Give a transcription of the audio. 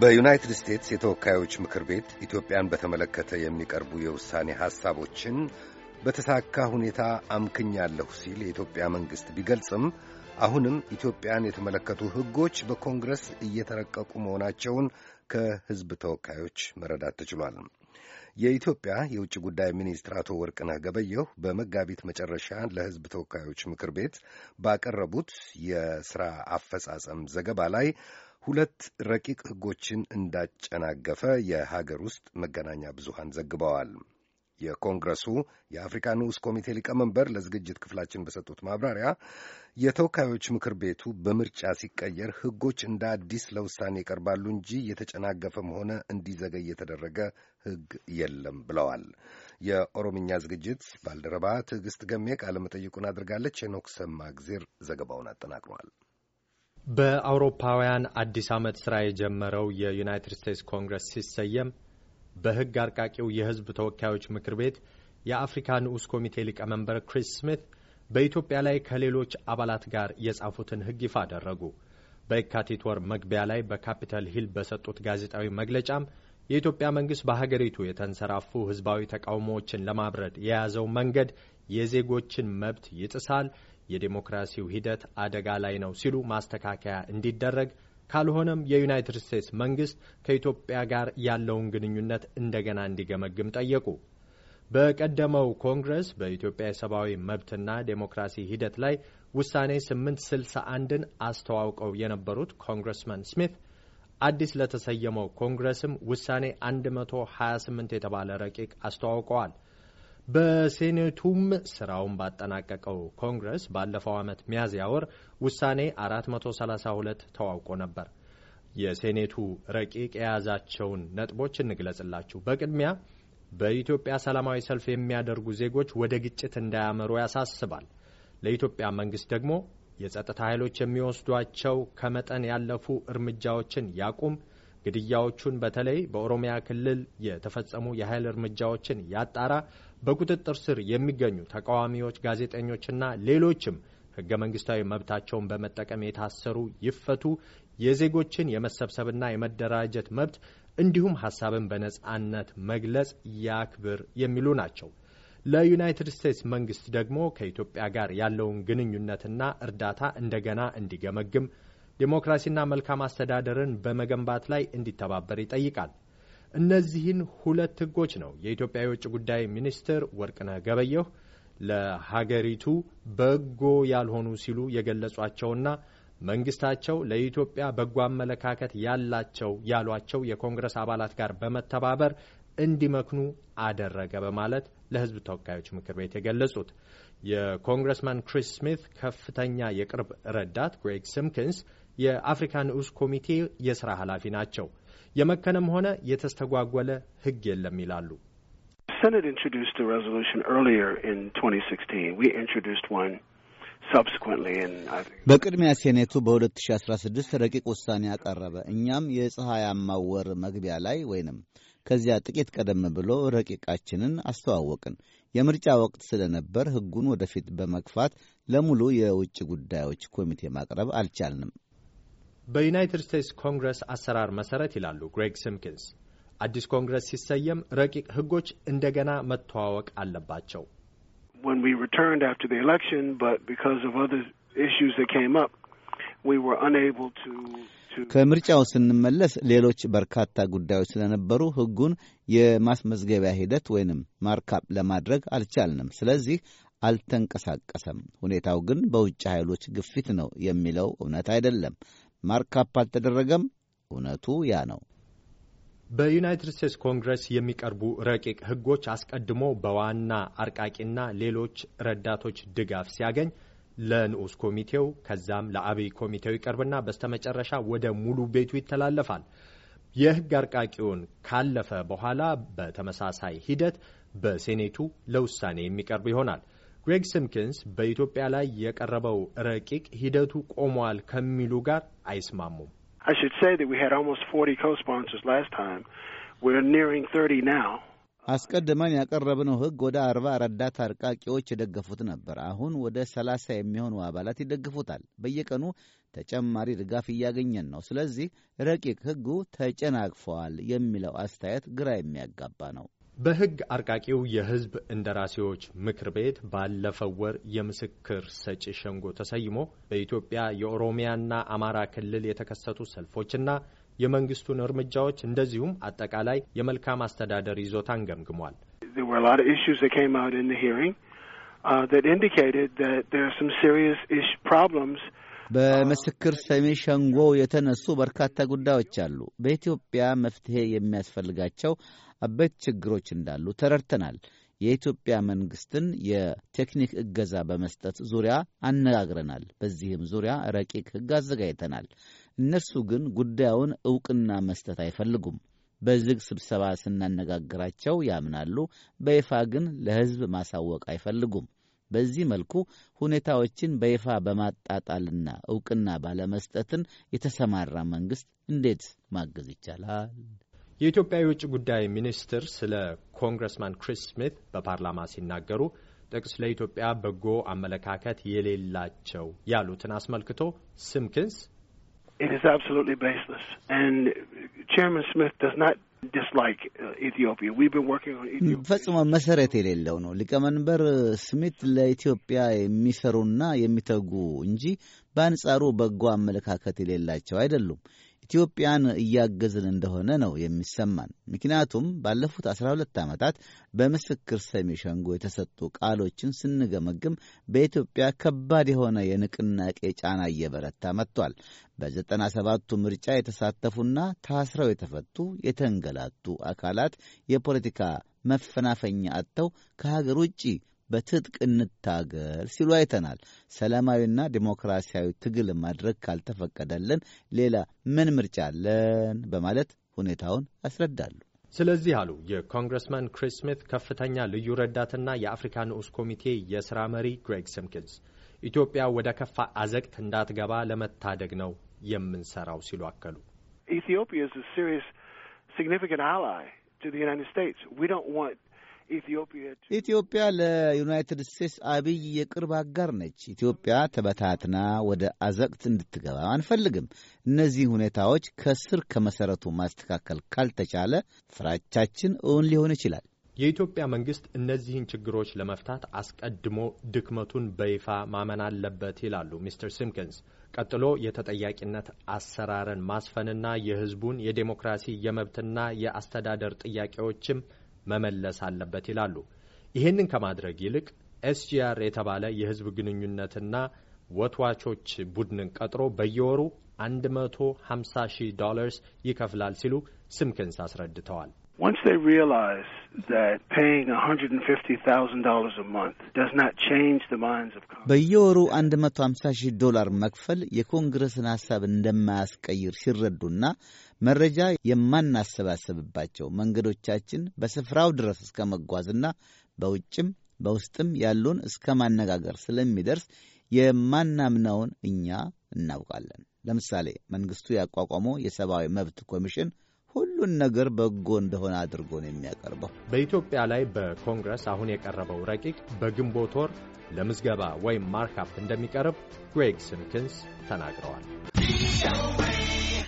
በዩናይትድ ስቴትስ የተወካዮች ምክር ቤት ኢትዮጵያን በተመለከተ የሚቀርቡ የውሳኔ ሐሳቦችን በተሳካ ሁኔታ አምክኛለሁ ሲል የኢትዮጵያ መንግሥት ቢገልጽም አሁንም ኢትዮጵያን የተመለከቱ ሕጎች በኮንግረስ እየተረቀቁ መሆናቸውን ከሕዝብ ተወካዮች መረዳት ተችሏል። የኢትዮጵያ የውጭ ጉዳይ ሚኒስትር አቶ ወርቅነህ ገበየሁ በመጋቢት መጨረሻ ለሕዝብ ተወካዮች ምክር ቤት ባቀረቡት የሥራ አፈጻጸም ዘገባ ላይ ሁለት ረቂቅ ሕጎችን እንዳጨናገፈ የሀገር ውስጥ መገናኛ ብዙሃን ዘግበዋል። የኮንግረሱ የአፍሪካ ንዑስ ኮሚቴ ሊቀመንበር ለዝግጅት ክፍላችን በሰጡት ማብራሪያ የተወካዮች ምክር ቤቱ በምርጫ ሲቀየር ሕጎች እንደ አዲስ ለውሳኔ ይቀርባሉ እንጂ የተጨናገፈም ሆነ እንዲዘገይ የተደረገ ሕግ የለም ብለዋል። የኦሮምኛ ዝግጅት ባልደረባ ትዕግስት ገሜ መጠይቁን አድርጋለች። የኖክ ሰማግዜር ዘገባውን አጠናቅሯል። በአውሮፓውያን አዲስ ዓመት ስራ የጀመረው የዩናይትድ ስቴትስ ኮንግረስ ሲሰየም በሕግ አርቃቂው የሕዝብ ተወካዮች ምክር ቤት የአፍሪካ ንዑስ ኮሚቴ ሊቀመንበር ክሪስ ስሚት በኢትዮጵያ ላይ ከሌሎች አባላት ጋር የጻፉትን ሕግ ይፋ አደረጉ። በየካቲት ወር መግቢያ ላይ በካፒታል ሂል በሰጡት ጋዜጣዊ መግለጫም የኢትዮጵያ መንግሥት በሀገሪቱ የተንሰራፉ ሕዝባዊ ተቃውሞዎችን ለማብረድ የያዘው መንገድ የዜጎችን መብት ይጥሳል፣ የዴሞክራሲው ሂደት አደጋ ላይ ነው ሲሉ ማስተካከያ እንዲደረግ ካልሆነም የዩናይትድ ስቴትስ መንግስት ከኢትዮጵያ ጋር ያለውን ግንኙነት እንደገና እንዲገመግም ጠየቁ። በቀደመው ኮንግረስ በኢትዮጵያ የሰብአዊ መብትና ዴሞክራሲ ሂደት ላይ ውሳኔ 861ን አስተዋውቀው የነበሩት ኮንግረስመን ስሚት አዲስ ለተሰየመው ኮንግረስም ውሳኔ 128 የተባለ ረቂቅ አስተዋውቀዋል። በሴኔቱም ስራውን ባጠናቀቀው ኮንግረስ ባለፈው ዓመት ሚያዝያ ወር ውሳኔ 432 ተዋውቆ ነበር። የሴኔቱ ረቂቅ የያዛቸውን ነጥቦች እንግለጽላችሁ። በቅድሚያ በኢትዮጵያ ሰላማዊ ሰልፍ የሚያደርጉ ዜጎች ወደ ግጭት እንዳያመሩ ያሳስባል። ለኢትዮጵያ መንግስት ደግሞ የጸጥታ ኃይሎች የሚወስዷቸው ከመጠን ያለፉ እርምጃዎችን ያቁም፣ ግድያዎቹን በተለይ በኦሮሚያ ክልል የተፈጸሙ የኃይል እርምጃዎችን ያጣራ፣ በቁጥጥር ስር የሚገኙ ተቃዋሚዎች፣ ጋዜጠኞችና ሌሎችም ህገ መንግስታዊ መብታቸውን በመጠቀም የታሰሩ ይፈቱ። የዜጎችን የመሰብሰብና የመደራጀት መብት እንዲሁም ሀሳብን በነጻነት መግለጽ ያክብር የሚሉ ናቸው። ለዩናይትድ ስቴትስ መንግስት ደግሞ ከኢትዮጵያ ጋር ያለውን ግንኙነትና እርዳታ እንደገና እንዲገመግም ዴሞክራሲና መልካም አስተዳደርን በመገንባት ላይ እንዲተባበር ይጠይቃል። እነዚህን ሁለት ህጎች ነው የኢትዮጵያ የውጭ ጉዳይ ሚኒስትር ወርቅነህ ገበየሁ ለሀገሪቱ በጎ ያልሆኑ ሲሉ የገለጿቸውና መንግስታቸው ለኢትዮጵያ በጎ አመለካከት ያላቸው ያሏቸው የኮንግረስ አባላት ጋር በመተባበር እንዲመክኑ አደረገ በማለት ለህዝብ ተወካዮች ምክር ቤት የገለጹት የኮንግረስማን ክሪስ ስሚት ከፍተኛ የቅርብ ረዳት ግሬግ ሲምኪንስ የአፍሪካ ንዑስ ኮሚቴ የስራ ኃላፊ ናቸው። የመከነም ሆነ የተስተጓጎለ ህግ የለም ይላሉ። በቅድሚያ ሴኔቱ በ2016 ረቂቅ ውሳኔ አቀረበ። እኛም የፀሐያማው ወር መግቢያ ላይ ወይንም ከዚያ ጥቂት ቀደም ብሎ ረቂቃችንን አስተዋወቅን። የምርጫ ወቅት ስለነበር ሕጉን ወደፊት በመግፋት ለሙሉ የውጭ ጉዳዮች ኮሚቴ ማቅረብ አልቻልንም። በዩናይትድ ስቴትስ ኮንግረስ አሰራር መሰረት ይላሉ ግሬግ ሲምኪንስ፣ አዲስ ኮንግረስ ሲሰየም ረቂቅ ህጎች እንደገና መተዋወቅ አለባቸው። ከምርጫው ስንመለስ ሌሎች በርካታ ጉዳዮች ስለነበሩ ህጉን የማስመዝገቢያ ሂደት ወይንም ማርካፕ ለማድረግ አልቻልንም። ስለዚህ አልተንቀሳቀሰም። ሁኔታው ግን በውጭ ኃይሎች ግፊት ነው የሚለው እውነት አይደለም። ማርካፕ አልተደረገም። እውነቱ ያ ነው። በዩናይትድ ስቴትስ ኮንግረስ የሚቀርቡ ረቂቅ ሕጎች አስቀድሞ በዋና አርቃቂና ሌሎች ረዳቶች ድጋፍ ሲያገኝ ለንዑስ ኮሚቴው ከዛም ለአብይ ኮሚቴው ይቀርብና በስተመጨረሻ ወደ ሙሉ ቤቱ ይተላለፋል። የሕግ አርቃቂውን ካለፈ በኋላ በተመሳሳይ ሂደት በሴኔቱ ለውሳኔ የሚቀርብ ይሆናል። ግሬግ ስምኪንስ በኢትዮጵያ ላይ የቀረበው ረቂቅ ሂደቱ ቆሟል ከሚሉ ጋር አይስማሙም። አስቀድመን ያቀረብነው ሕግ ወደ አርባ ረዳት አርቃቂዎች የደገፉት ነበር። አሁን ወደ ሰላሳ የሚሆኑ አባላት ይደግፉታል። በየቀኑ ተጨማሪ ድጋፍ እያገኘን ነው። ስለዚህ ረቂቅ ሕጉ ተጨናግፈዋል የሚለው አስተያየት ግራ የሚያጋባ ነው። በሕግ አርቃቂው የሕዝብ እንደራሴዎች ምክር ቤት ባለፈው ወር የምስክር ሰጪ ሸንጎ ተሰይሞ በኢትዮጵያ የኦሮሚያና አማራ ክልል የተከሰቱ ሰልፎችና የመንግስቱን እርምጃዎች እንደዚሁም አጠቃላይ የመልካም አስተዳደር ይዞታን ገምግሟል። uh, በምስክር ሰሚ ሸንጎ የተነሱ በርካታ ጉዳዮች አሉ። በኢትዮጵያ መፍትሄ የሚያስፈልጋቸው አበይት ችግሮች እንዳሉ ተረድተናል። የኢትዮጵያ መንግስትን የቴክኒክ እገዛ በመስጠት ዙሪያ አነጋግረናል። በዚህም ዙሪያ ረቂቅ ሕግ አዘጋጅተናል። እነርሱ ግን ጉዳዩን እውቅና መስጠት አይፈልጉም። በዝግ ስብሰባ ስናነጋግራቸው ያምናሉ፣ በይፋ ግን ለሕዝብ ማሳወቅ አይፈልጉም። በዚህ መልኩ ሁኔታዎችን በይፋ በማጣጣልና እውቅና ባለመስጠትን የተሰማራ መንግስት እንዴት ማገዝ ይቻላል? የኢትዮጵያ የውጭ ጉዳይ ሚኒስትር ስለ ኮንግረስማን ክሪስ ስሚት በፓርላማ ሲናገሩ ጥቅስ ለኢትዮጵያ በጎ አመለካከት የሌላቸው ያሉትን አስመልክቶ ስምክንስ uh, ፈጽሞ መሰረት የሌለው ነው። ሊቀመንበር ስሚት ለኢትዮጵያ የሚሰሩና የሚተጉ እንጂ በአንጻሩ በጎ አመለካከት የሌላቸው አይደሉም። ኢትዮጵያን እያገዝን እንደሆነ ነው የሚሰማን። ምክንያቱም ባለፉት 12 ዓመታት በምስክር ሰሚ ሸንጎ የተሰጡ ቃሎችን ስንገመግም በኢትዮጵያ ከባድ የሆነ የንቅናቄ ጫና እየበረታ መጥቷል በዘጠና ሰባቱ ምርጫ የተሳተፉና ታስረው የተፈቱ የተንገላቱ አካላት የፖለቲካ መፈናፈኛ አጥተው ከሀገር ውጭ በትጥቅ እንታገል ሲሉ አይተናል። ሰላማዊና ዲሞክራሲያዊ ትግል ማድረግ ካልተፈቀደልን ሌላ ምን ምርጫ አለን? በማለት ሁኔታውን ያስረዳሉ። ስለዚህ አሉ የኮንግረስማን ክሪስ ስሚት ከፍተኛ ልዩ ረዳትና የአፍሪካ ንዑስ ኮሚቴ የሥራ መሪ ግሬግ ሲምኪንስ ኢትዮጵያ ወደ ከፋ አዘቅት እንዳትገባ ለመታደግ ነው የምንሰራው ሲሉ አከሉ። ኢትዮጵያ አላይ ኢትዮጵያ ለዩናይትድ ስቴትስ አብይ የቅርብ አጋር ነች። ኢትዮጵያ ተበታትና ወደ አዘቅት እንድትገባ አንፈልግም። እነዚህ ሁኔታዎች ከስር ከመሰረቱ ማስተካከል ካልተቻለ ፍራቻችን እውን ሊሆን ይችላል። የኢትዮጵያ መንግስት እነዚህን ችግሮች ለመፍታት አስቀድሞ ድክመቱን በይፋ ማመን አለበት ይላሉ ሚስተር ሲምኪንስ። ቀጥሎ የተጠያቂነት አሰራርን ማስፈንና የህዝቡን የዴሞክራሲ የመብትና የአስተዳደር ጥያቄዎችም መመለስ አለበት ይላሉ። ይህንን ከማድረግ ይልቅ ኤስጂአር የተባለ የህዝብ ግንኙነትና ወትዋቾች ቡድንን ቀጥሮ በየወሩ 150 ሺህ ዶላርስ ይከፍላል ሲሉ ስምክንስ አስረድተዋል። Once they realize that paying $150,000 a month does not change the minds of Congress. በየወሩ 150 ዶላር መክፈል የኮንግረስን ሐሳብ እንደማያስቀይር ሲረዱና መረጃ የማናሰባሰብባቸው መንገዶቻችን በስፍራው ድረስ እስከ መጓዝና በውጭም በውስጥም ያሉን እስከ ማነጋገር ስለሚደርስ የማናምነውን እኛ እናውቃለን። ለምሳሌ መንግስቱ ያቋቋመው የሰብአዊ መብት ኮሚሽን ሁሉን ነገር በጎ እንደሆነ አድርጎ ነው የሚያቀርበው። በኢትዮጵያ ላይ በኮንግረስ አሁን የቀረበው ረቂቅ በግንቦት ወር ለምዝገባ ወይም ማርካፕ እንደሚቀርብ ግሬግ ስንክንስ ተናግረዋል።